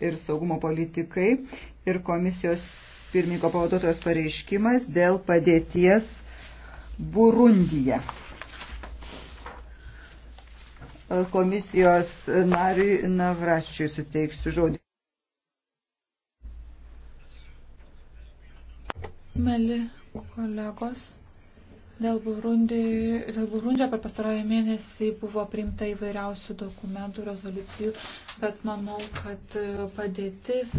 ir saugumo politikai ir komisijos pirmininko pavaduotojos pareiškimas dėl padėties Burundija. Komisijos nariui Navračiui suteiksiu žodį. Meli kolegos. Dėl, Burundi, dėl Burundžio per pastarąjį mėnesį buvo priimta įvairiausių dokumentų, rezoliucijų, bet manau, kad padėtis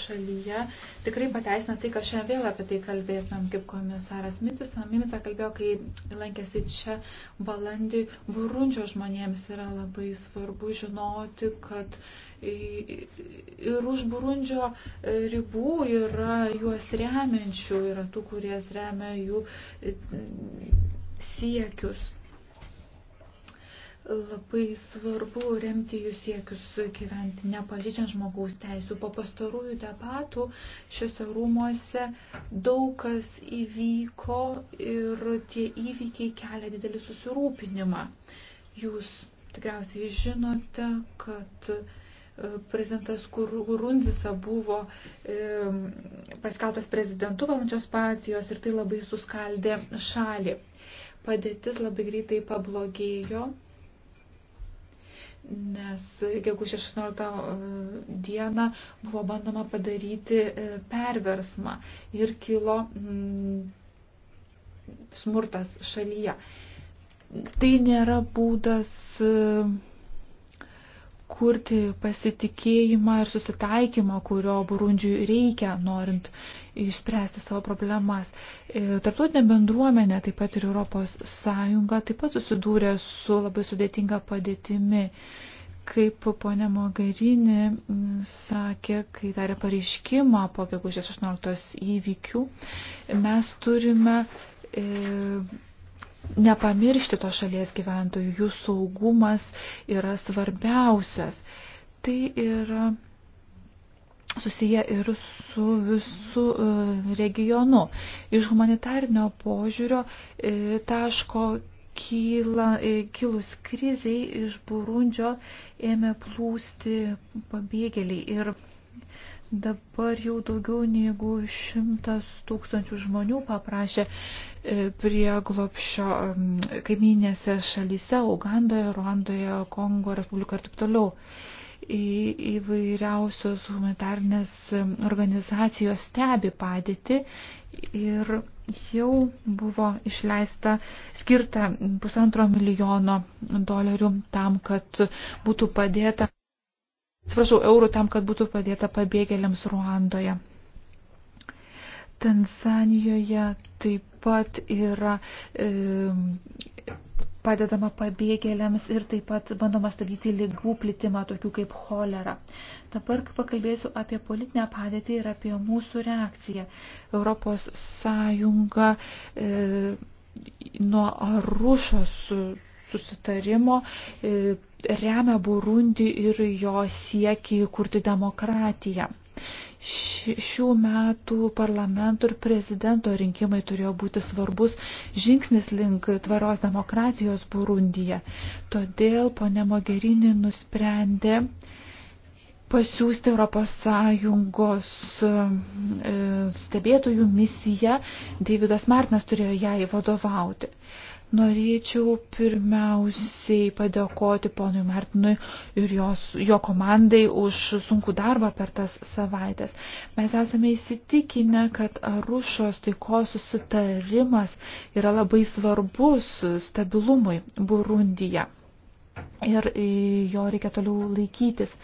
šalyje tikrai pateisina tai, kad šiandien vėl apie tai kalbėtumėm, kaip komisaras Mitis, Mimisa kalbėjo, kai lankėsi čia balandį, Burundžio žmonėms yra labai svarbu žinoti, kad ir už Burundžio e, ribų yra juos remiančių, yra tų, kurie remia jų e, siekius. Labai svarbu remti jų siekius gyventi, nepažydžiant žmogaus teisų. Po pastarųjų debatų šiuose rūmuose daug kas įvyko ir tie įvykiai kelia didelį susirūpinimą. Jūs tikriausiai žinote, kad prezidentas Kurunzisa buvo paskeltas prezidentu valančios partijos ir tai labai suskaldė šalį. Padėtis labai greitai pablogėjo, nes gegužė 16 dieną buvo bandoma padaryti e, perversmą ir kilo mm, smurtas šalyje. Tai nėra būdas atkurti pasitikėjimą ir susitaikymą, kurio Burundžiui reikia, norint išspręsti savo problemas. E, tarptautinė bendruomenė, taip pat ir Europos Sąjunga, taip pat susidūrė su labai sudėtinga padėtimi. Kaip ponė Mogarinė sakė, kai darė pareiškimą po gegužės 16 įvykių, mes turime e, nepamiršti to šalies gyventojų, jų saugumas yra svarbiausias. Tai yra susiję ir su visu e, regionu. Iš humanitarnio požiūrio e, taško kyla, e, kilus kriziai iš Burundžio ėmė plūsti pabėgėliai ir Dabar jau daugiau negu šimtas tūkstančių žmonių paprašė e, prie glopšio kaiminėse šalyse - Ugandoje, Ruandoje, Kongo, Respublikoje ir taip toliau. Į, įvairiausios humanitarnės organizacijos stebi padėti ir jau buvo išleista, skirta pusantro milijono dolerių tam, kad būtų padėta atsiprašau, eurų tam, kad būtų padėta pabėgėliams Ruandoje. Tanzanijoje taip pat yra e, padedama pabėgėliams ir taip pat bandoma stabdyti lygų plitimą, tokių kaip cholera. Dabar pakalbėsiu apie politinę padėtį ir apie mūsų reakciją. Europos Sąjunga e, nuo Arušos susitarimo e, remia Burundi ir jo siekį kurti demokratiją. Šių metų parlamento ir prezidento rinkimai turėjo būti svarbus žingsnis link tvaros demokratijos Burundyje. Todėl ponė Mogerini nusprendė pasiūsti ES e, stebėtojų misiją, Davidas Martinas turėjo jai vadovauti. Norėčiau pirmiausiai padėkoti ponui Martinui ir jos, jo komandai už sunkų darbą per tas savaitės. Mes esame įsitikinę, kad Arušos taikos susitarimas yra labai svarbus stabilumui Burundija. Ir e, jo reikia toliau laikytis.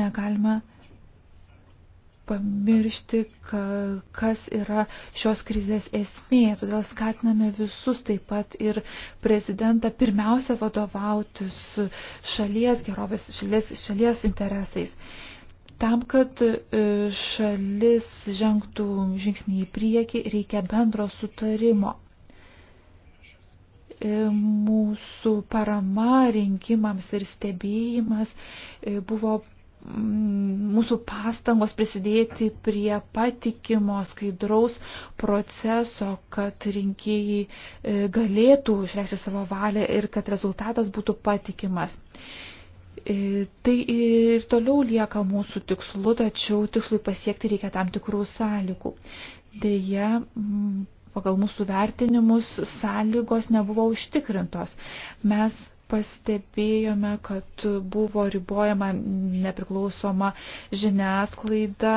Negalima pamiršti, ka, kas yra šios krizės esmė. Todėl skatiname visus, taip pat ir prezidentą, pirmiausia vadovautis šalies gerovės, šalies, šalies interesais. Tam, kad e, šalis žengtų žingsnį į priekį, reikia bendro sutarimo e, mūsų parama rinkimams ir stebėjimas e, buvo mūsų pastangos prisidėti prie patikimo, skaidraus proceso, kad rinkėjai e, galėtų išreikšti savo valią ir kad rezultatas būtų patikimas. E, tai ir toliau lieka mūsų tikslu, tačiau tikslui pasiekti reikia tam tikrų sąlygų. Deja, pagal mūsų vertinimus sąlygos nebuvo užtikrintos. Mes pastebėjome, kad buvo ribojama nepriklausoma žiniasklaida,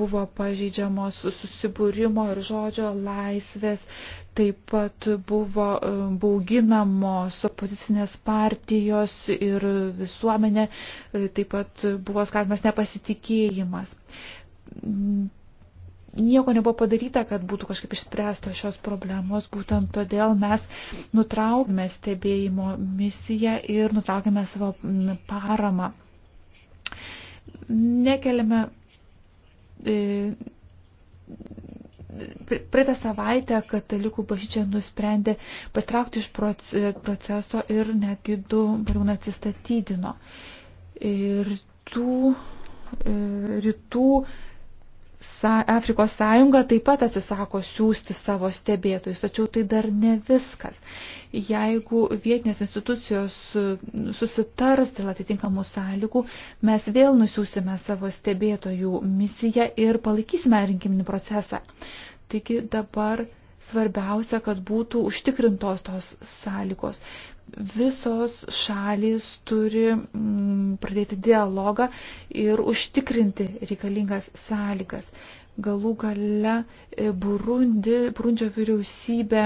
buvo pažeidžiamos susibūrimo ir žodžio laisvės, taip pat buvo e, bauginamos opozicinės partijos ir visuomenė, e, taip pat buvo skatimas nepasitikėjimas nieko nebuvo padaryta, kad būtų kažkaip išspręstos šios problemos. Būtent todėl mes nutraukėme stebėjimo misiją ir nutraukėme savo paramą. Nekeliame. E, Praeitą savaitę katalikų bažnyčia nusprendė pastraukti iš proceso ir netgi du pareigūnai atsistatydino. Ir tų e, rytų e, Afrikos sąjunga taip pat atsisako siūsti savo stebėtojus, tačiau tai dar ne viskas. Jeigu vietinės institucijos e, susitars dėl atitinkamų sąlygų, mes vėl nusiūsime savo stebėtojų misiją ir palaikysime rinkiminį procesą. Taigi dabar svarbiausia, kad būtų užtikrintos tos sąlygos, visos šalis turi mm, pradėti dialogą ir užtikrinti reikalingas sąlygas galų gale e, Burundi, Burundžio vyriausybė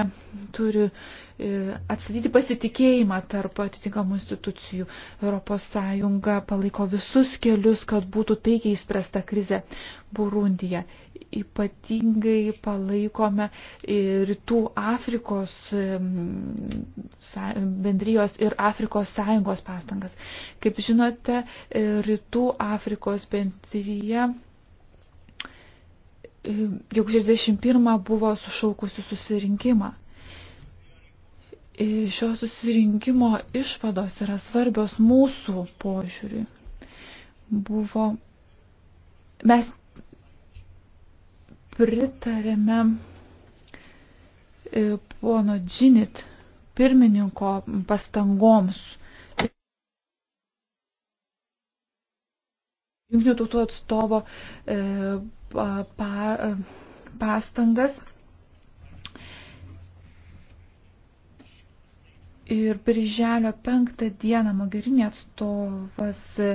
turi e, atstatyti pasitikėjimą tarp atitinkamų institucijų. ES palaiko visus kelius, kad būtų taikiai įspręsta krize Burundija. Ypatingai palaikome e, Rytų Afrikos bendrijos ir Afrikos sąjungos pastangas. Kaip žinote, Rytų Afrikos bendryje jog 61 buvo sušaukusi susirinkimą. Šio susirinkimo išvados yra svarbios mūsų požiūriui. Buvo. Mes pritarėme e, pono Džinit pirmininko pastangoms Junktinių tautų atstovo e, pa, pastangas. Ir birželio penktą dieną Mogherini atstovas e,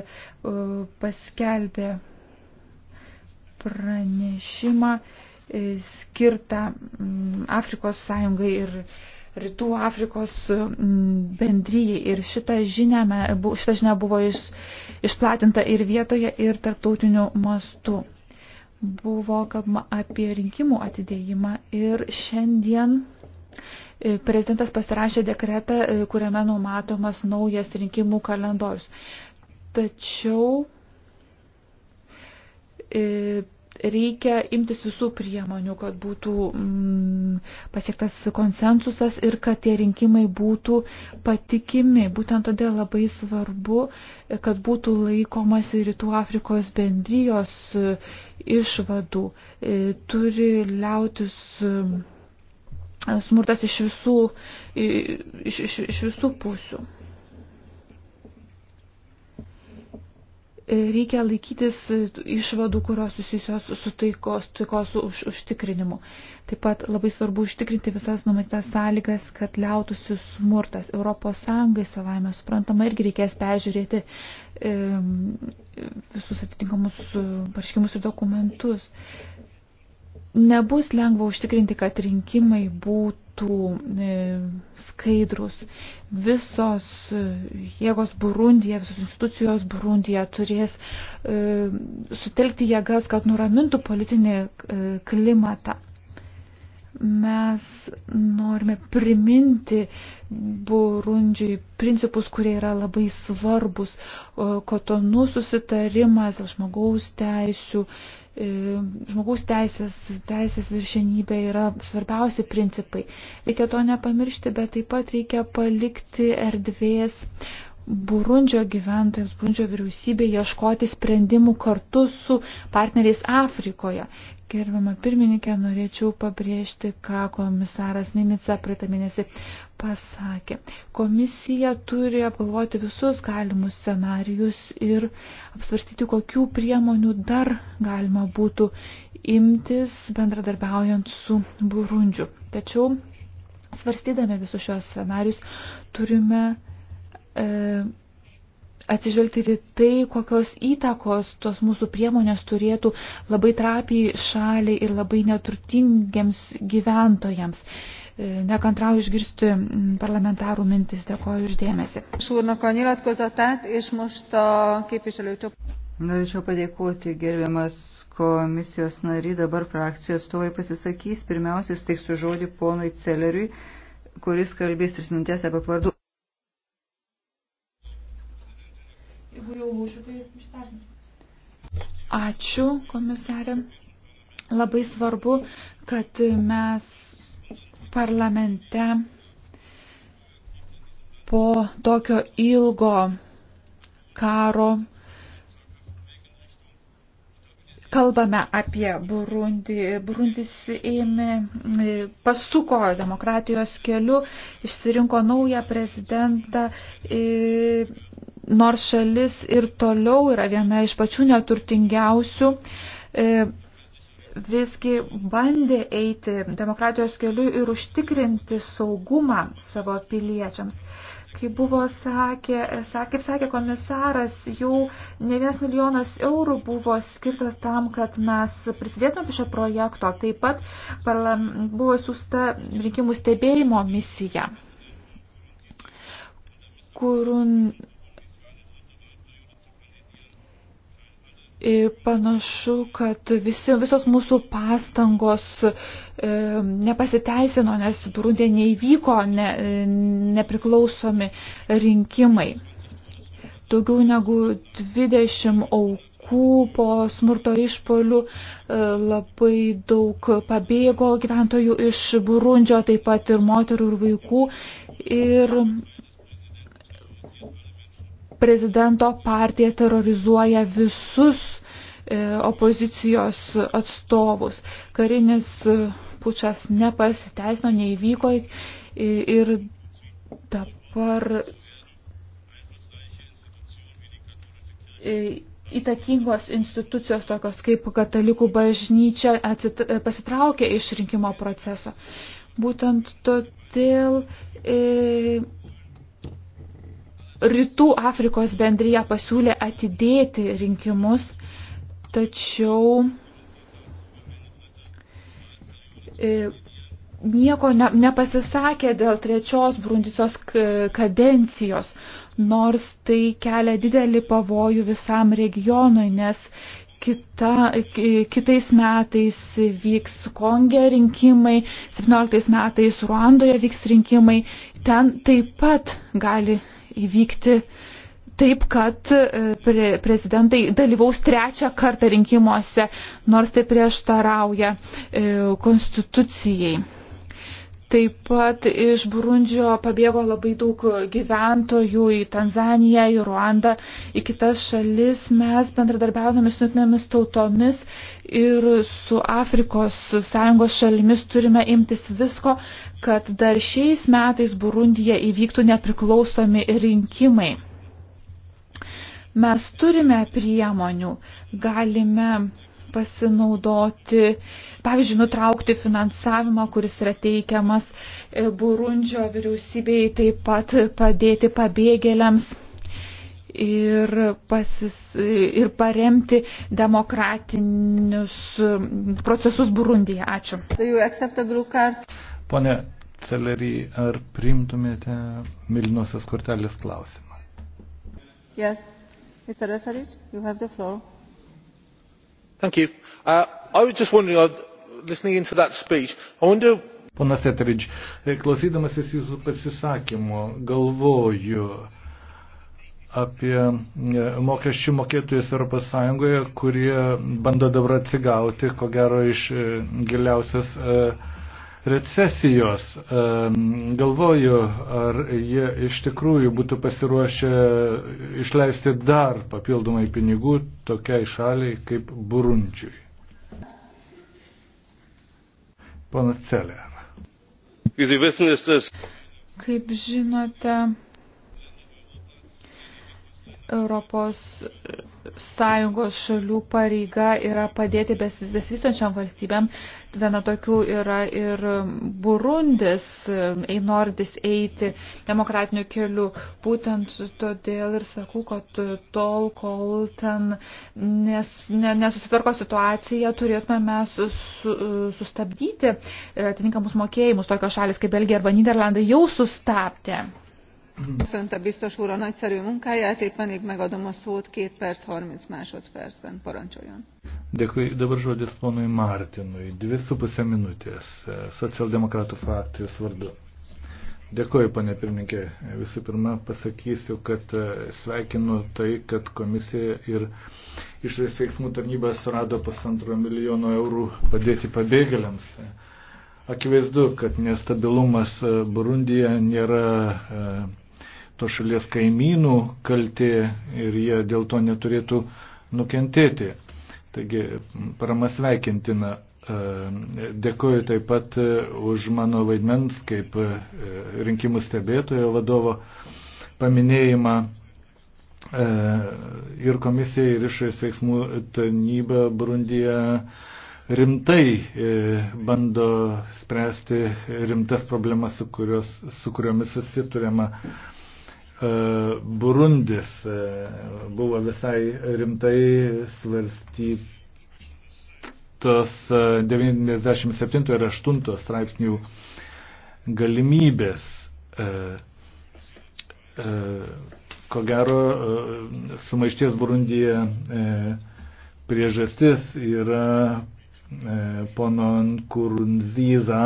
paskelbė pranešimą e, skirtą Afrikos sąjungai ir Rytų Afrikos bendryjai. Ir šitą žinią, šitą žinią buvo iš, išplatinta ir vietoje, ir tarptautiniu mastu buvo kalbama apie rinkimų atidėjimą ir šiandien e, prezidentas pasirašė dekretą, e, kuriame numatomas naujas rinkimų kalendorius. Tačiau e, reikia imtis visų priemonių, kad būtų mm, pasiektas konsensusas ir kad tie rinkimai būtų patikimi. Būtent todėl labai svarbu, kad būtų laikomasi Rytų Afrikos bendrijos e, išvadų. E, turi liautis e, smurtas iš visų, iš, iš, iš visų pusių. reikia laikytis išvadų, kurios susijusios su taikos, taikos už, užtikrinimu. Taip pat labai svarbu užtikrinti visas numatytas sąlygas, kad liautųsi smurtas. ES savaime suprantama irgi reikės peržiūrėti e, visus atitinkamus pareiškimus ir dokumentus. Nebus lengva užtikrinti, kad rinkimai būtų e, skaidrus. Visos jėgos Burundija, visos institucijos Burundija turės e, sutelkti jėgas, kad nuramintų politinį e, klimatą. Mes norime priminti Burundžiai principus, kurie yra labai svarbus. Kotonų susitarimas dėl žmogaus teisių E, žmogaus teisės, teisės viršenybė yra svarbiausi principai. Reikia to nepamiršti, bet taip pat reikia palikti erdvės Burundžio gyventojams, Burundžio vyriausybė ieškoti sprendimų kartu su partneriais Afrikoje. Gerbiama pirmininkė, norėčiau pabrėžti, ką komisaras Mimica praeitą mėnesį pasakė. Komisija turi apgalvoti visus galimus scenarius ir apsvarstyti, kokių priemonių dar galima būtų imtis bendradarbiaujant su Burundžiu. Tačiau svarstydami visus šios scenarius turime e, atsižvelgti ir tai, kokios įtakos tos mūsų priemonės turėtų labai trapiai šaliai ir labai neturtingiems gyventojams. E, E, nekantrauju išgirsti parlamentarų mintis. Dėkoju uždėmesi. Norėčiau padėkoti gerbiamas komisijos nary, dabar frakcijos atstovai pasisakys. Pirmiausia, steiksiu žodį ponui Celeriui, kuris kalbės tris minutės apie pavardų. Tai Ačiū komisarė. Labai svarbu, kad mes parlamente po tokio ilgo karo kalbame apie Burundį. Burundis ėmė, pasuko demokratijos keliu, išsirinko naują prezidentą. Nors šalis ir toliau yra viena iš pačių neturtingiausių visgi bandė eiti demokratijos keliu ir užtikrinti saugumą savo piliečiams. Kaip buvo sakė, kaip sakė komisaras, jau ne vienas milijonas eurų buvo skirtas tam, kad mes prisidėtume prie šio projekto. Taip pat parlam, buvo siūsta rinkimų stebėjimo misija. Kurun, E, panašu, kad visi, visos mūsų pastangos e, nepasiteisino, nes Brundė neįvyko ne, nepriklausomi rinkimai. Daugiau negu 20 aukų po smurto išpolių e, labai daug pabėgo gyventojų iš Burundžio, taip pat ir moterų ir vaikų. Ir prezidento partija terrorizuoja visus e, opozicijos atstovus. Karinis e, pučas nepasiteisino, neįvyko ir dabar e, įtakingos institucijos, tokios kaip katalikų bažnyčia, pasitraukė iš rinkimo proceso. Būtent todėl e, Rytų Afrikos bendryje pasiūlė atidėti rinkimus, tačiau e, nieko ne, nepasisakė dėl trečios Brundisios kadencijos, nors tai kelia didelį pavojų visam regionui, nes kita, kitais metais vyks Konge rinkimai, 17 metais Ruandoje vyks rinkimai, ten taip pat gali įvykti taip, kad e, pre prezidentai dalyvaus trečią kartą rinkimuose, nors tai prieštarauja e, konstitucijai. Taip pat iš Burundžio pabėgo labai daug gyventojų į Tanzaniją, į Ruandą, į kitas šalis. Mes bendradarbiaudami su jungtinėmis tautomis ir su Afrikos sąjungos šalimis turime imtis visko, kad dar šiais metais Burundija įvyktų nepriklausomi rinkimai. Mes turime priemonių, galime pasinaudoti, pavyzdžiui, nutraukti finansavimą, kuris yra teikiamas Burundžio vyriausybei, taip pat padėti pabėgėliams ir, pasis, ir paremti demokratinius procesus Burundyje. Ačiū. Pone Celerį, ar priimtumėte Milinosios kortelės klausimą? Yes. Mr. Resarich, you have the floor. Uh, uh, Ponas Eteridž, e, klausydamasis jūsų pasisakymo, galvoju apie e, mokesčių mokėtojus ES, kurie bando dabar atsigauti, ko gero, iš e, giliausios. Uh, recesijos. Galvoju, ar jie iš tikrųjų būtų pasiruošę išleisti dar papildomai pinigų tokiai šaliai kaip Burundžiui. Pana Celer. Kaip žinote, Europos e, Sąjungos šalių pareiga yra padėti besivystančiam valstybėm. Viena tokių yra ir Burundis, e, norintis eiti demokratiniu keliu. Būtent todėl ir sakau, kad tol, kol ten nes, ne, nesusitvarko situacija, turėtume mes su, sustabdyti e, atitinkamus mokėjimus. Tokios šalis kaip Belgija arba Niderlandai jau sustabdė. Köszönte biztos úr a nagyszerű munkáját, épp pedig megadom a szót 2 perc 30 másodpercben. Parancsoljon. Dėkui. Dabar žodis ponui Martinui. Dvi su pusė minutės. Socialdemokratų frakcijos vardu. Dėkuoju, panė pirmininkė. Visų pirma, pasakysiu, kad eh, sveikinu tai, kad komisija ir išvės veiksmų tarnyba surado pusantro milijono eurų padėti pabėgėliams. Akivaizdu, kad nestabilumas eh, Burundija nėra eh, to šalies kaimynų kaltė ir jie dėl to neturėtų nukentėti. Taigi parama sveikintina. E, Dėkuoju taip pat e, už mano vaidmens kaip e, rinkimų stebėtojo vadovo paminėjimą ir komisija ir išorės veiksmų tarnyba Brundija rimtai bando spręsti rimtas problemas, su, kurios, su kuriomis susituriama E, Burundis e, buvo visai rimtai svarstytos 97 e, ir 8 straipsnių galimybės. Ko gero, sumaišties Burundija priežastis yra pono Kurunzyza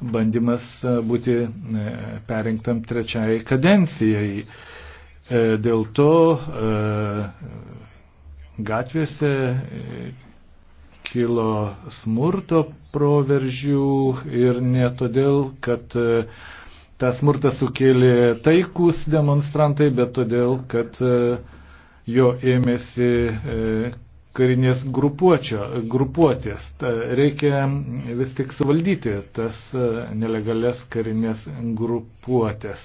bandymas e, būti e, perinktam trečiai kadencijai. E, dėl to gatvėse kilo smurto proveržių ir ne todėl, kad tą smurtą sukėlė taikus demonstrantai, bet todėl, kad jo ėmėsi karinės grupuotės. Reikia vis tik suvaldyti tas e, nelegalias karinės grupuotės.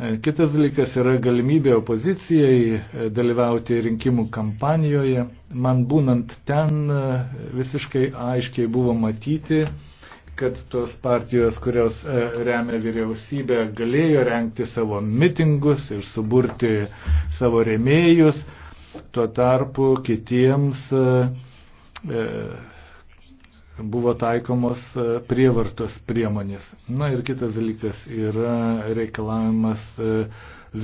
E, kitas dalykas yra galimybė opozicijai e, dalyvauti rinkimų kampanijoje. Man būnant ten visiškai aiškiai buvo matyti, kad tos partijos, kurios remia vyriausybę, galėjo renkti savo mitingus ir suburti savo remėjus Tuo tarpu kitiems e, e, buvo taikomos e, prievartos priemonės. Na ir kitas dalykas yra reikalavimas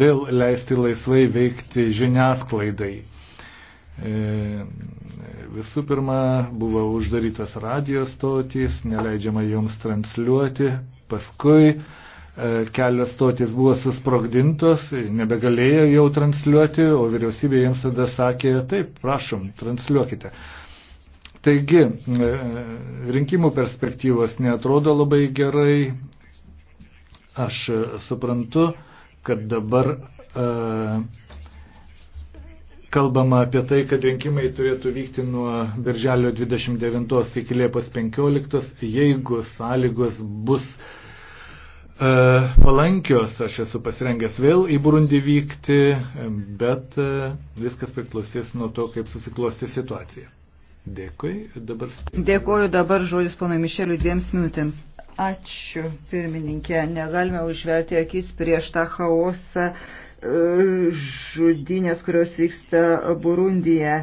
vėl leisti laisvai veikti žiniasklaidai. Visų pirma, buvo uždarytas radijos stotys, neleidžiama joms transliuoti, paskui E, kelios stotis buvo susprogdintos, nebegalėjo jau transliuoti, o vyriausybė jiems tada sakė, taip, prašom, transliuokite. Taigi, e, rinkimų perspektyvos netrodo labai gerai. Aš e, suprantu, kad dabar kalbama apie tai, kad rinkimai turėtų vykti nuo birželio 29 iki liepos 15, jeigu sąlygos bus uh, E, palankios, aš esu pasirengęs vėl į Burundį vykti, bet e, viskas priklausys nuo to, kaip susiklosti situacija. Dėkui, dabar. Dėkuoju dabar žodis ponai Mišeliui dviems minutėms. Ačiū, pirmininkė. Negalime užverti akis prieš tą chaosą e, žudinės, kurios vyksta Burundyje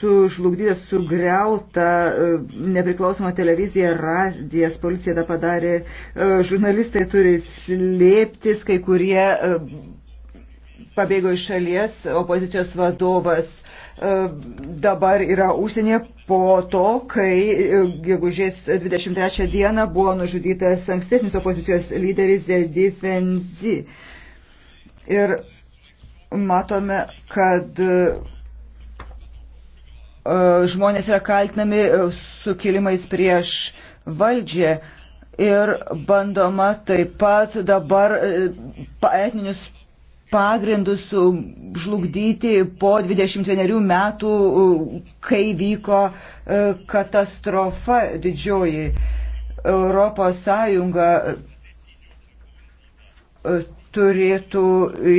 sužlugdyta, sugriauta e, nepriklausoma televizija, radijas, policija tą padarė, e, žurnalistai turi slėptis, kai kurie e, pabėgo iš šalies, opozicijos vadovas dabar yra užsienyje po to, kai gegužės 23 dieną buvo nužudytas ankstesnis opozicijos lyderis Zedi Fenzi. Ir matome, kad E, žmonės yra kaltinami e, sukilimais prieš valdžią ir bandoma taip pat dabar e, etninius pagrindus žlugdyti po 21 metų, kai vyko katastrofa didžioji. Europos Sąjunga turėtų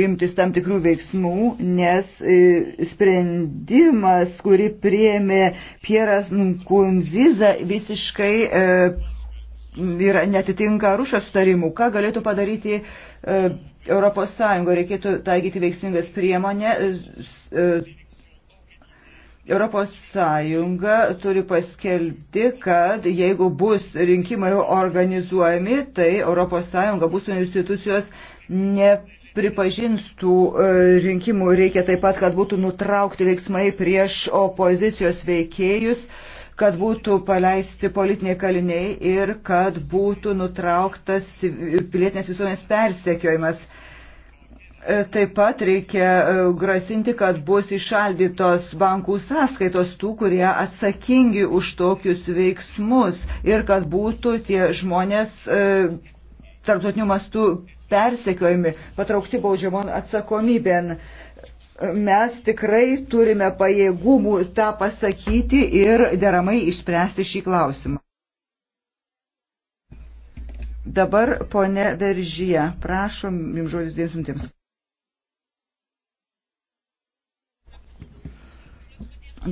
imtis tam tikrų veiksmų, nes e, sprendimas, kurį prieėmė Pieras Nkunziza, visiškai e, yra netitinka rušio sutarimų. Ką galėtų padaryti e, Europos Sąjungo? Reikėtų taikyti veiksmingas priemonė. Europos Sąjunga turi paskelbti, kad jeigu bus rinkimai organizuojami, tai Europos Sąjunga bus institucijos nepripažins tų e, rinkimų. Reikia taip pat, kad būtų nutraukti veiksmai prieš opozicijos veikėjus kad būtų paleisti politiniai kaliniai ir kad būtų nutrauktas pilietinės visuomenės persekiojimas. E, taip pat reikia e, grasinti, kad bus išaldytos bankų sąskaitos tų, kurie atsakingi už tokius veiksmus ir kad būtų tie žmonės tarptautiniu mastu persekiojami, patraukti baudžiamon atsakomybėn. Mes tikrai turime pajėgumų tą pasakyti ir deramai išspręsti šį klausimą. Dabar ponė Veržyje, prašom, jums žodis dviem minutėms.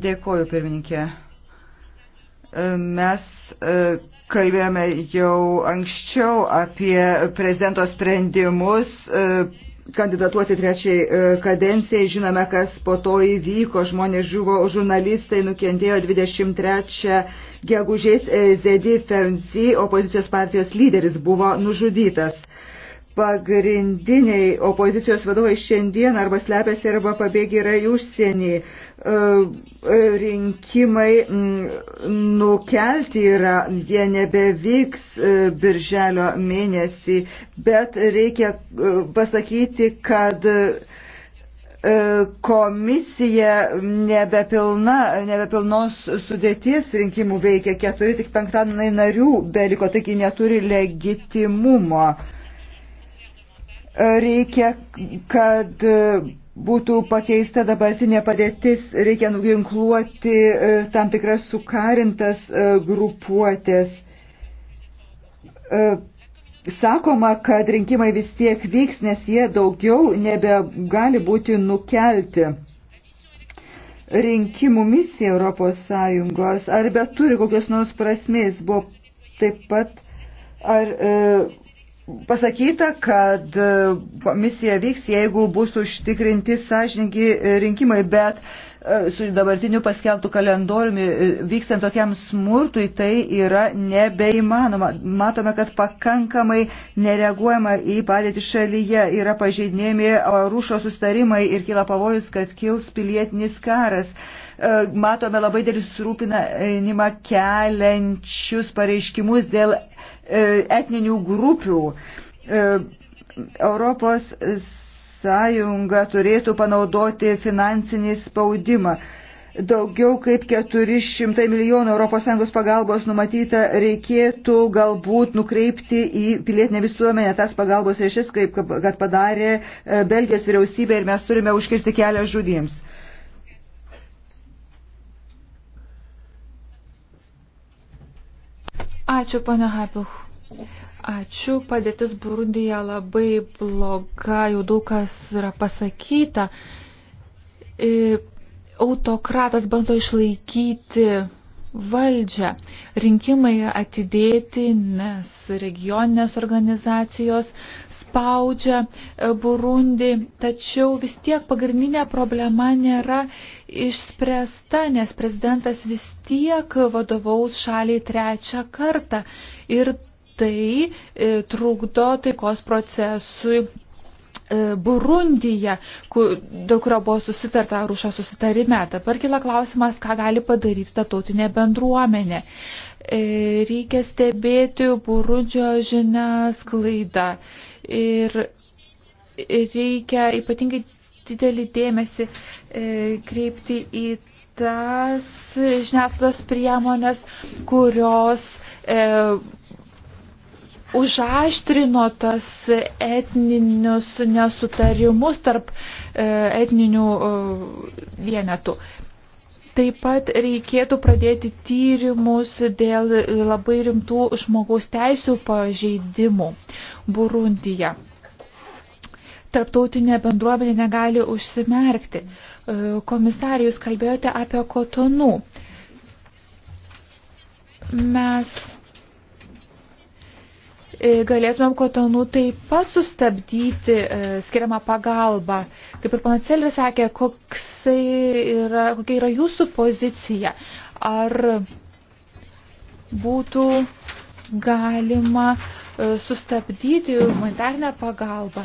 Dėkoju, pirmininkė. Mes e, kalbėjome jau anksčiau apie prezidento sprendimus e, kandidatuoti trečiai e, kadencijai. Žinome, kas po to įvyko. Žmonės žuvo, žurnalistai nukentėjo 23 gegužės Zedi Fernsi, opozicijos partijos lyderis, buvo nužudytas pagrindiniai opozicijos vadovai šiandien arba slepiasi arba pabėgė yra į užsienį. E, rinkimai mm, nukelti yra, jie nebevyks e, birželio mėnesį, bet reikia e, pasakyti, kad komisija nebepilna, nebepilnos sudėties rinkimų veikia, keturi tik penktadienai narių beliko, taigi neturi legitimumo. Uh, Reikia, kad e, būtų pakeista dabartinė padėtis, reikia nuginkluoti e, tam tikras sukarintas e, grupuotės. Sakoma, kad rinkimai vis tiek vyks, nes jie daugiau nebegali būti nukelti. Rinkimų misija Europos Sąjungos, ar bet turi kokios nors prasmės, buvo taip pat, ar e, Pasakyta, kad e, komisija vyks, jeigu bus užtikrinti sąžininkai e, rinkimai, bet e, su dabartiniu paskeltų kalendoriumi vykstant tokiam smurtui tai yra nebeįmanoma. Matome, kad pakankamai nereaguojama į padėtį šalyje, yra pažeidinėjami rūšo sustarimai ir kyla pavojus, kad kils pilietinis karas matome labai dėlį susirūpinimą keliančius pareiškimus dėl E, etninių grupių. E, Europos sąjunga turėtų panaudoti finansinį spaudimą. Daugiau kaip 400 milijonų ES pagalbos numatyta reikėtų galbūt nukreipti į pilietinę visuomenę tas pagalbos ryšis, kaip kad padarė e, Belgijos vyriausybė ir mes turime užkirsti kelią žudyms. Ačiū, ponia Hapiuch. Ačiū, padėtis Burundija labai bloga, jau daug kas yra pasakyta. E, autokratas bando išlaikyti valdžią. Rinkimai atidėti, nes regioninės organizacijos spaudžia e, Burundi, tačiau vis tiek pagrindinė problema nėra išspręsta, nes prezidentas vis tiek vadovaus šaliai trečią kartą ir tai e, trukdo taikos procesui E, Burundija, dėl kurio buvo susitarta rušio susitarime. Dabar kila klausimas, ką gali padaryti tarptautinė bendruomenė. E, reikia stebėti Burundžio žiniasklaidą ir reikia ypatingai didelį dėmesį e, kreipti į tas žiniasklaidos priemonės, kurios e, užaštrino tas etninius nesutarimus tarp e, etninių e, vienetų. Taip pat reikėtų pradėti tyrimus dėl labai rimtų žmogaus teisų pažeidimų Burundija. Tarptautinė bendruomenė negali užsimerkti. E, Komisarijus kalbėjote apie kotonų. Mes E, galėtumėm kotonų taip pat sustabdyti e, skiriamą pagalbą. Kaip ir pana Celis sakė, yra, kokia yra jūsų pozicija. Ar būtų galima e, sustabdyti humanitarnę pagalbą?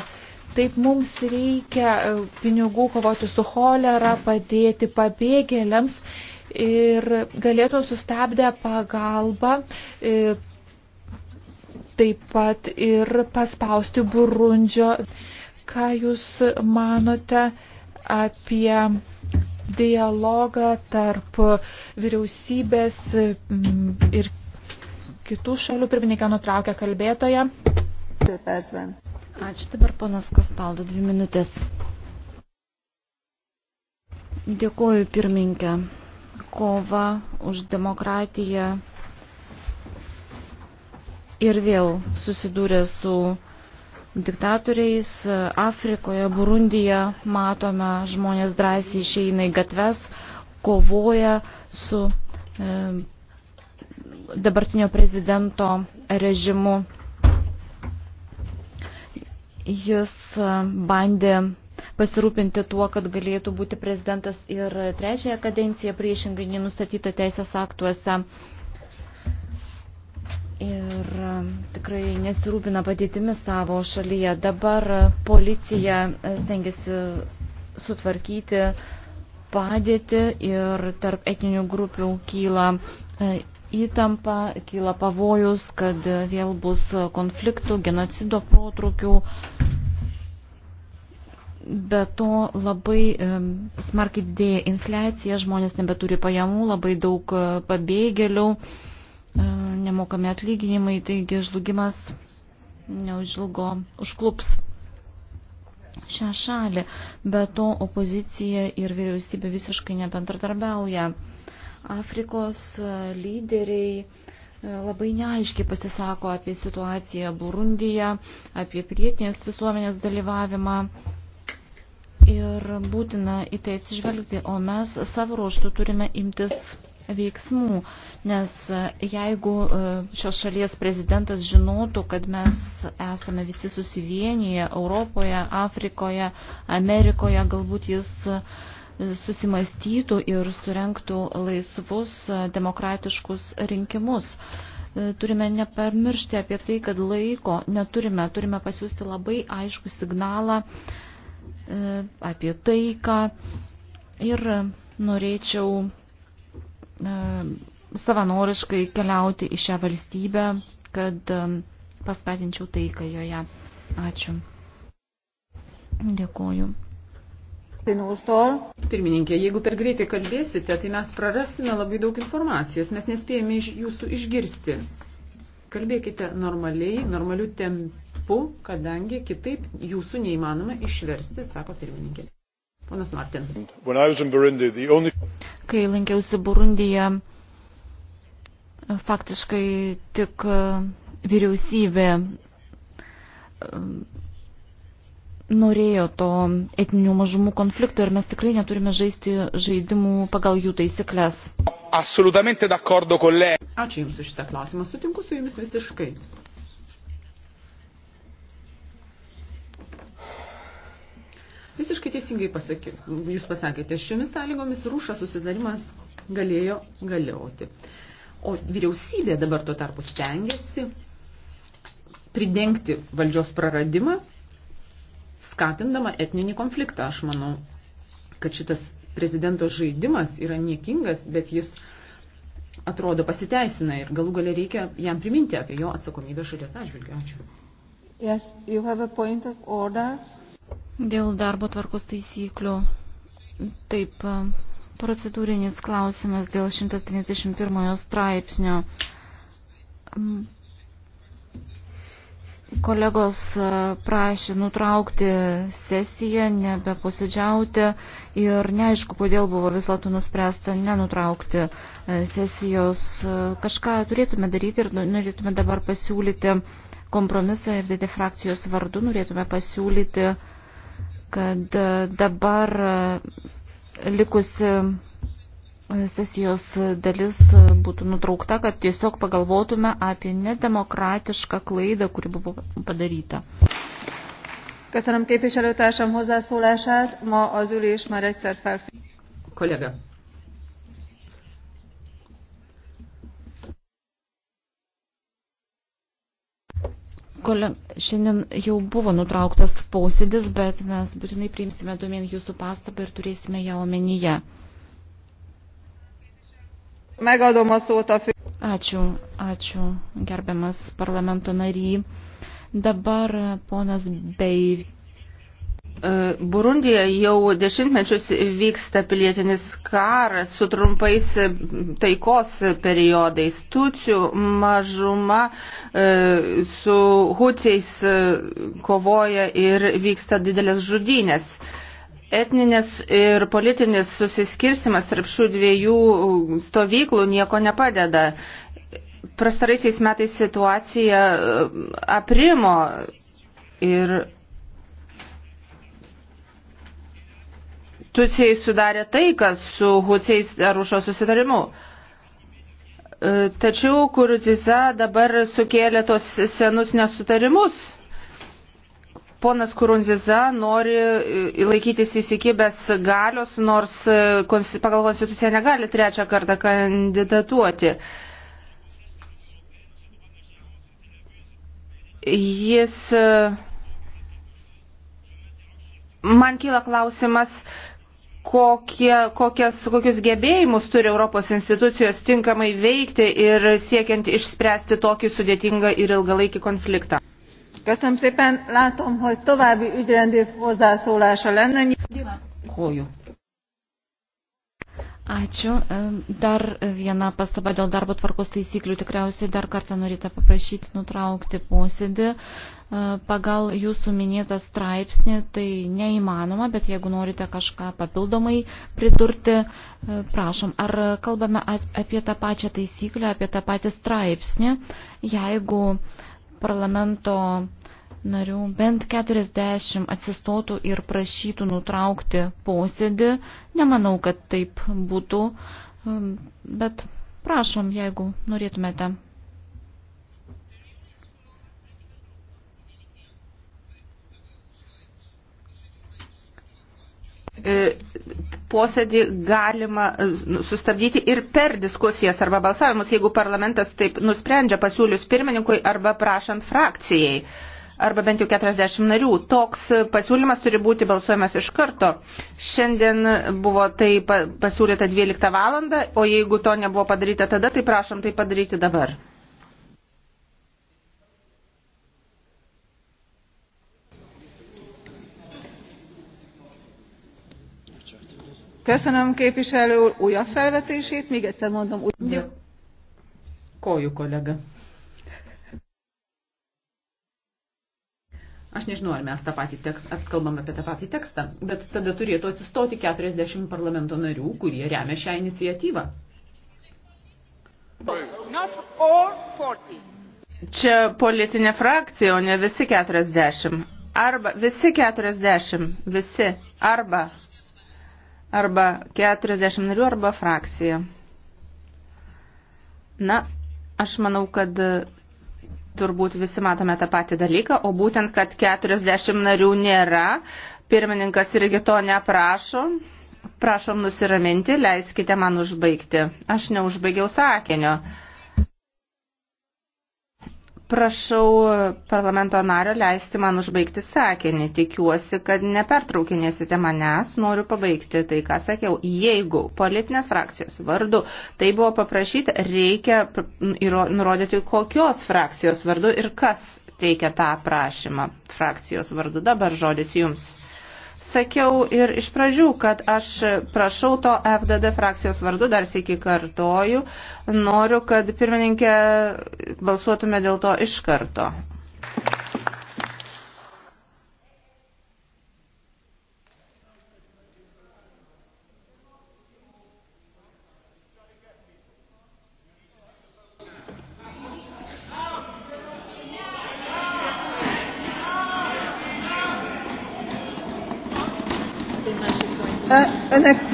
Taip mums reikia pinigų kovoti su cholera, padėti pabėgėliams ir galėtų sustabdę pagalbą taip pat ir paspausti Burundžio. Ką Jūs manote apie dialogą tarp vyriausybės mm, ir kitų šalių pirmininką nutraukia kalbėtoja. Ačiū dabar ponas Kastaldo, dvi minutės. Dėkuoju pirmininkę. Kova už demokratiją ir vėl susidūrė su diktatoriais. Afrikoje, Burundija matome, žmonės drąsiai išeina į gatves, kovoja su e, dabartinio prezidento režimu. Jis e, bandė pasirūpinti tuo, kad galėtų būti prezidentas ir trečiąją kadenciją priešingai nenustatyta teisės aktuose. E, ir e, tikrai nesirūpina padėtimi savo šalyje. Dabar e, policija e, stengiasi sutvarkyti padėtį ir tarp etninių grupių kyla įtampa, kyla pavojus, kad vėl bus konfliktų, genocido protrukių. Be to labai smarkiai didėja infliacija, žmonės nebeturi pajamų, labai daug pabėgėlių. E, nemokami atlyginimai, taigi žlugimas neužilgo užklups šią šalį. Be to opozicija ir vyriausybė visiškai nebendradarbiauja. Afrikos lyderiai e, labai neaiškiai pasisako apie situaciją Burundyje, apie pilietinės visuomenės dalyvavimą. Ir būtina į tai atsižvelgti, o mes savo ruoštų turime imtis veiksmų, nes e, jeigu e, šios šalies prezidentas žinotų, kad mes esame visi susivienyje Europoje, Afrikoje, Amerikoje, galbūt jis e, susimastytų ir surenktų laisvus demokratiškus rinkimus. Turime nepamiršti apie tai, kad laiko neturime, turime pasiūsti labai aišku signalą apie taiką ir norėčiau E, savanoriškai keliauti į šią valstybę, kad e, paskatinčiau taiką joje. Ačiū. Dėkuoju. Pirmininkė, jeigu per greitai kalbėsite, tai mes prarasime labai daug informacijos, mes nespėjame iš jūsų išgirsti. Kalbėkite normaliai, normaliu tempu, kadangi kitaip jūsų neįmanoma išversti, sako pirmininkė. Ponas Martin. Burundi, only... Kai lankiausi Burundyje, faktiškai tik e, vyriausybė e, norėjo to etninių mažumų konflikto ir mes tikrai neturime žaisti žaidimų pagal jų taisyklės. Ačiū Jums už šitą klausimą, sutinku su Jumis visiškai. Visiškai teisingai pasakė, jūs pasakėte, šiomis sąlygomis rūšio susidarimas galėjo galioti. O vyriausybė dabar tuo tarpu stengiasi pridengti valdžios praradimą, skatindama etninį konfliktą. Aš manau, kad šitas prezidento žaidimas yra niekingas, bet jis atrodo pasiteisina ir galų galia reikia jam priminti apie jo atsakomybę šalies atžvilgiu. Ačiū. Yes, you have a point of order. Dėl darbo tvarkos taisyklių. Taip, procedūrinis klausimas dėl 131 straipsnio. Kolegos e, prašė nutraukti sesiją, nebeposėdžiauti ir neaišku, kodėl buvo vis dėlto nuspręsta nenutraukti e, sesijos. E, kažką turėtume daryti ir nu, norėtume dabar pasiūlyti kompromisą ir dėti frakcijos vardu, norėtume pasiūlyti uh, kad e, dabar e, likusi e, sesijos dalis būtų nutraukta, kad tiesiog pagalvotume apie nedemokratišką klaidą, kuri buvo padaryta. Köszönöm képviselőtársam hozzászólását. Ma az ülés már egyszer felfigyelt. Kollega. Kole, šiandien jau buvo nutrauktas posėdis, bet mes būtinai priimsime domen jūsų pastabą ir turėsime ją omenyje. Ačiū, ačiū, gerbiamas parlamento nary. Dabar ponas Beik E, Burundija jau dešimtmečius vyksta pilietinis karas su trumpais e, taikos periodais. Tučių mažuma e, su hučiais kovoja ir vyksta didelės žudynės. Etninis ir politinis susiskirsimas tarp šių dviejų stovyklų nieko nepadeda. Prastaraisiais metais situacija aprimo ir konstitucijai sudarė taiką su Husiais Arušo susitarimu. E, tačiau Kuruciza dabar sukėlė tos senus nesutarimus. Ponas Kurunziza nori e, laikytis įsikibęs galios, nors e, pagal konstituciją negali trečią kartą kandidatuoti. Jis man kyla klausimas, kokie, kokias, kokius gebėjimus turi Europos institucijos tinkamai veikti ir siekiant išspręsti tokį sudėtingą ir ilgalaikį konfliktą. Köszönöm szépen, látom, hogy további ügyrendi hozzászólása lenne. Dėkoju. Ačiū. E, dar viena pastaba dėl darbo tvarkos taisyklių. Tikriausiai dar kartą norite paprašyti nutraukti posėdį. E, pagal jūsų minėtą straipsnį tai neįmanoma, bet jeigu norite kažką papildomai pridurti, e, prašom. Ar kalbame apie tą pačią taisyklę, apie tą patį straipsnį, jeigu parlamento narių bent 40 atsistotų ir prašytų nutraukti posėdį. Nemanau, kad taip būtų, um, bet prašom, jeigu norėtumėte. E, posėdį galima e, sustabdyti ir per diskusijas arba balsavimus, jeigu parlamentas taip nusprendžia pasiūlius pirmininkui arba prašant frakcijai arba bent jau 40 narių. Toks pasiūlymas turi būti balsuojamas iš karto. Šiandien buvo tai pasiūlyta 12 valandą, o jeigu to nebuvo padaryta tada, tai prašom tai padaryti dabar. Köszönöm képviselő úr újabb felvetését, még egyszer mondom. Úgy... Dėkoju, kolega. Aš nežinau, ar mes tą patį tekstą, kalbam apie tą patį tekstą, bet tada turėtų atsistoti 40 parlamento narių, kurie remia šią iniciatyvą. Čia politinė frakcija, o ne visi 40. Arba visi 40, visi. Arba, arba 40 narių, arba frakcija. Na, aš manau, kad turbūt visi matome tą patį dalyką, o būtent, kad 40 narių nėra, pirmininkas irgi to neprašo. Prašom nusiraminti, leiskite man užbaigti. Aš neužbaigiau sakinio. Prašau parlamento nario leisti man užbaigti sakinį. Tikiuosi, kad nepertraukinėsite manęs, noriu pabaigti tai, ką sakiau. Jeigu politinės frakcijos vardu tai buvo paprašyta, reikia nurodyti, kokios frakcijos vardu ir kas teikia tą prašymą frakcijos vardu. Dabar žodis jums sakiau ir iš pradžių, kad aš prašau to FDD frakcijos vardu, dar sėki kartoju, noriu, kad pirmininkė balsuotume dėl to iš karto.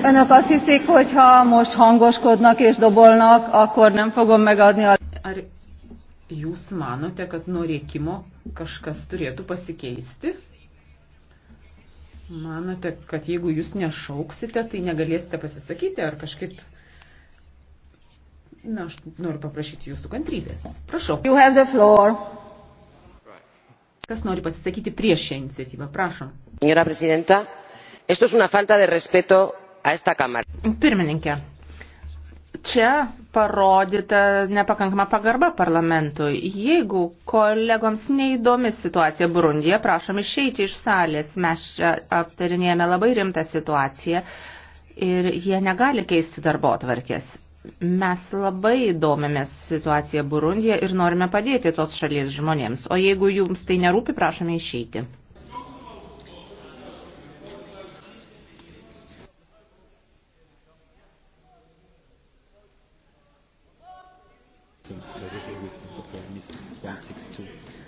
önök azt hiszik hogy ha most hangoskodnak és dobolnak akkor nem fogom megadni a. Ar jūs manote, kad nuo rėkimo kažkas turėtų pasikeisti? Manote, kad jeigu jūs nešauksite, tai negalėsite pasisakyti ar kažkaip. Na, aš noriu paprašyti jūsų kantrybės. Prašau. You have the floor. Kas nori pasisakyti prieš šią iniciatyvą? Prašom. Señora presidenta, esto es una falta de respeto a esta cámara. Pirmininkė, čia parodyta nepakankama pagarba parlamentui. Jeigu kolegoms neįdomi situacija Burundija, prašom išeiti iš salės. Mes čia aptarinėjame labai rimtą situaciją ir jie negali keisti darbo atvarkės. Mes labai domimės situaciją Burundija ir norime padėti tos šalies žmonėms. O jeigu jums tai nerūpi, prašome išeiti.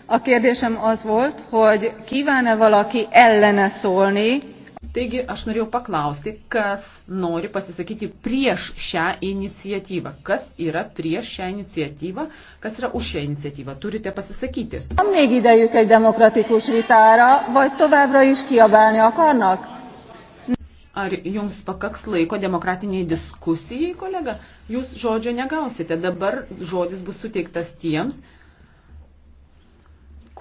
A kérdésem az volt, hogy kíván-e valaki ellene szólni? Taigi aš norėjau paklausti, kas nori pasisakyti prieš šią iniciatyvą. Kas yra prieš šią iniciatyvą, kas yra už šią iniciatyvą. Turite pasisakyti. Még idejük egy demokratikus vitára, vagy továbbra is kiabálni akarnak? Ar jums pakaks laiko demokratiniai diskusijai, kolega? Jūs žodžio negausite. Dabar žodis bus suteiktas tiems,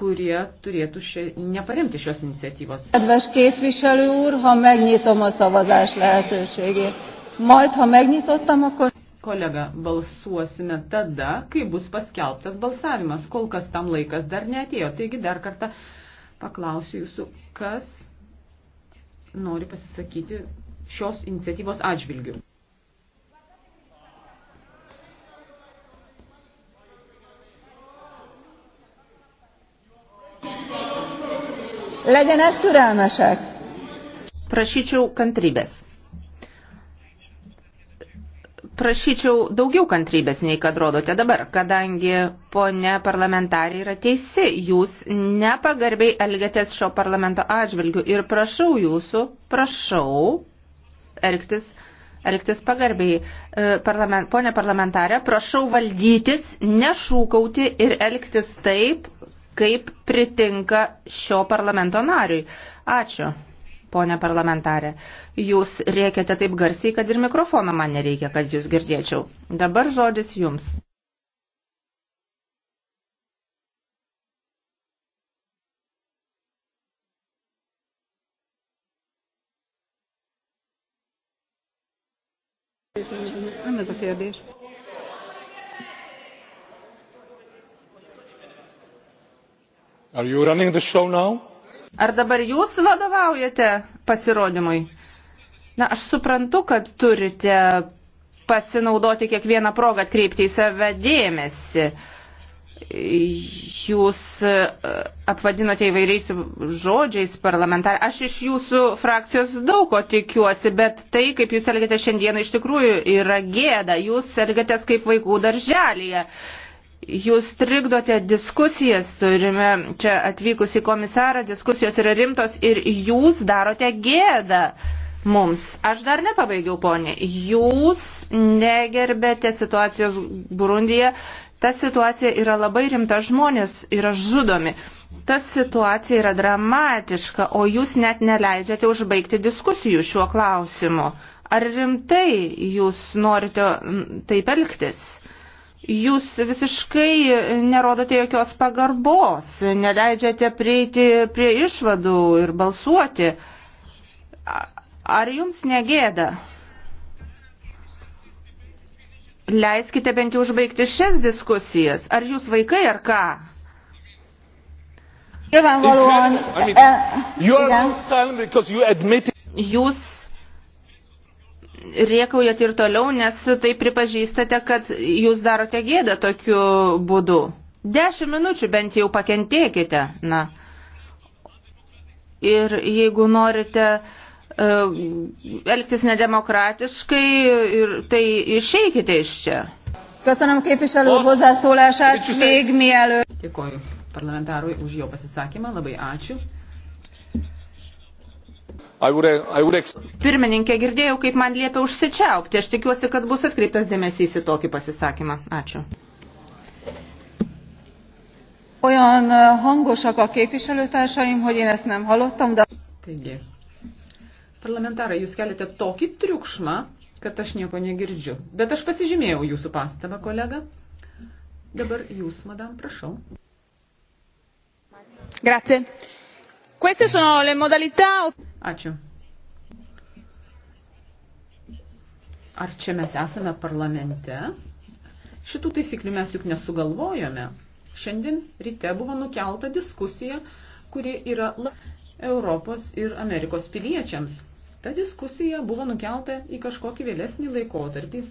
kurie turėtų še, neparemti šios iniciatyvos. Kedves képviselő úr, ha megnyitom a szavazás lehetőségét, majd ha megnyitottam, akkor... Kolega, balsuosime tada, kai bus paskelbtas balsavimas. Kol kas tam laikas dar neatėjo. Taigi dar kartą paklausiu jūsų, kas nori pasisakyti šios iniciatyvos atžvilgių. Legyen ettől elmesek. Prašyčiau kantrybės prašyčiau daugiau kantrybės nei kad rodote dabar, kadangi ponia parlamentarė yra teisi, jūs nepagarbiai elgiatės šio parlamento atžvilgių ir prašau jūsų, prašau elgtis, elgtis pagarbiai. E, Parlament, ponia parlamentarė, prašau valdytis, nešūkauti ir elgtis taip, kaip pritinka šio parlamento nariui. Ačiū ponė parlamentarė. Jūs rėkiate taip garsiai, kad ir mikrofono man nereikia, kad jūs girdėčiau. Dabar žodis jums. Nem ez a kérdés. Are you running the show now? Ar dabar jūs vadovaujate pasirodymui? Na, aš suprantu, kad turite pasinaudoti kiekvieną progą atkreipti į save dėmesį. Jūs e, apvadinote įvairiais žodžiais parlamentarą. Aš iš jūsų frakcijos daug ko tikiuosi, bet tai, kaip jūs elgiate šiandieną, iš tikrųjų yra gėda. Jūs elgiatės kaip vaikų darželėje. Jūs trikdote diskusijas, turime čia atvykusi komisarą, diskusijos yra rimtos ir jūs darote gėdą mums. Aš dar nepabaigiau, ponė. Jūs negerbėte situacijos Burundija. Ta situacija yra labai rimta, žmonės yra žudomi. Ta situacija yra dramatiška, o jūs net neleidžiate užbaigti diskusijų šiuo klausimu. Ar rimtai jūs norite taip elgtis? Jūs visiškai nerodote jokios pagarbos, neleidžiate prieiti prie išvadų ir balsuoti. Ar jums negėda? Leiskite bent jau užbaigti šias diskusijas. Ar jūs vaikai ar ką? Nyilvánvalóan... Jūs rėkaujat ir toliau, nes tai pripažįstate, kad jūs darote gėdą tokiu būdu. Dešimt minučių bent jau pakentėkite. Na. Ir jeigu norite uh, elgtis nedemokratiškai, ir, tai išeikite iš čia. Köszönöm képviselő úr hozzászólását, még mielőtt. Dėkoju parlamentarui už jo pasisakymą, labai ačiū. Pirmininkė, girdėjau, kaip man liepia užsičiaupti. Aš tikiuosi, kad bus atkreiptas dėmesys į tokį pasisakymą. Ačiū. Olyan hangosak a képviselőtársaim, hogy én ezt nem hallottam, de... Taigi, parlamentarai, jūs keliate tokį triukšmą, kad aš nieko negirdžiu. Bet aš pasižymėjau jūsų pastabą, kolega. Dabar jūs, madam, prašau. Grazie. Queste sono le modalità... Ačiū. Ar čia mes esame parlamente? Šitų taisyklių mes juk nesugalvojome. Šiandien ryte buvo nukelta diskusija, kuri yra Europos ir Amerikos piliečiams. Ta diskusija buvo nukelta į kažkokį vėlesnį laikotarpį.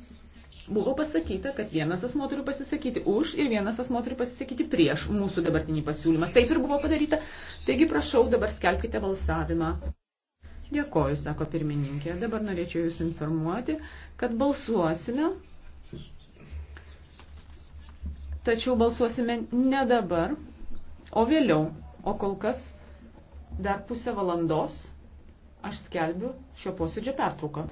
Buvo pasakyta, kad vienas asmo turi pasisakyti už ir vienas asmo turi pasisakyti prieš mūsų dabartinį pasiūlymą. Taip ir buvo padaryta. Taigi prašau, dabar skelbkite balsavimą. Dėkoju, sako pirmininkė. Dabar norėčiau Jūs informuoti, kad balsuosime, tačiau balsuosime ne dabar, o vėliau. O kol kas dar pusę valandos aš skelbiu šio posėdžio pertrauką.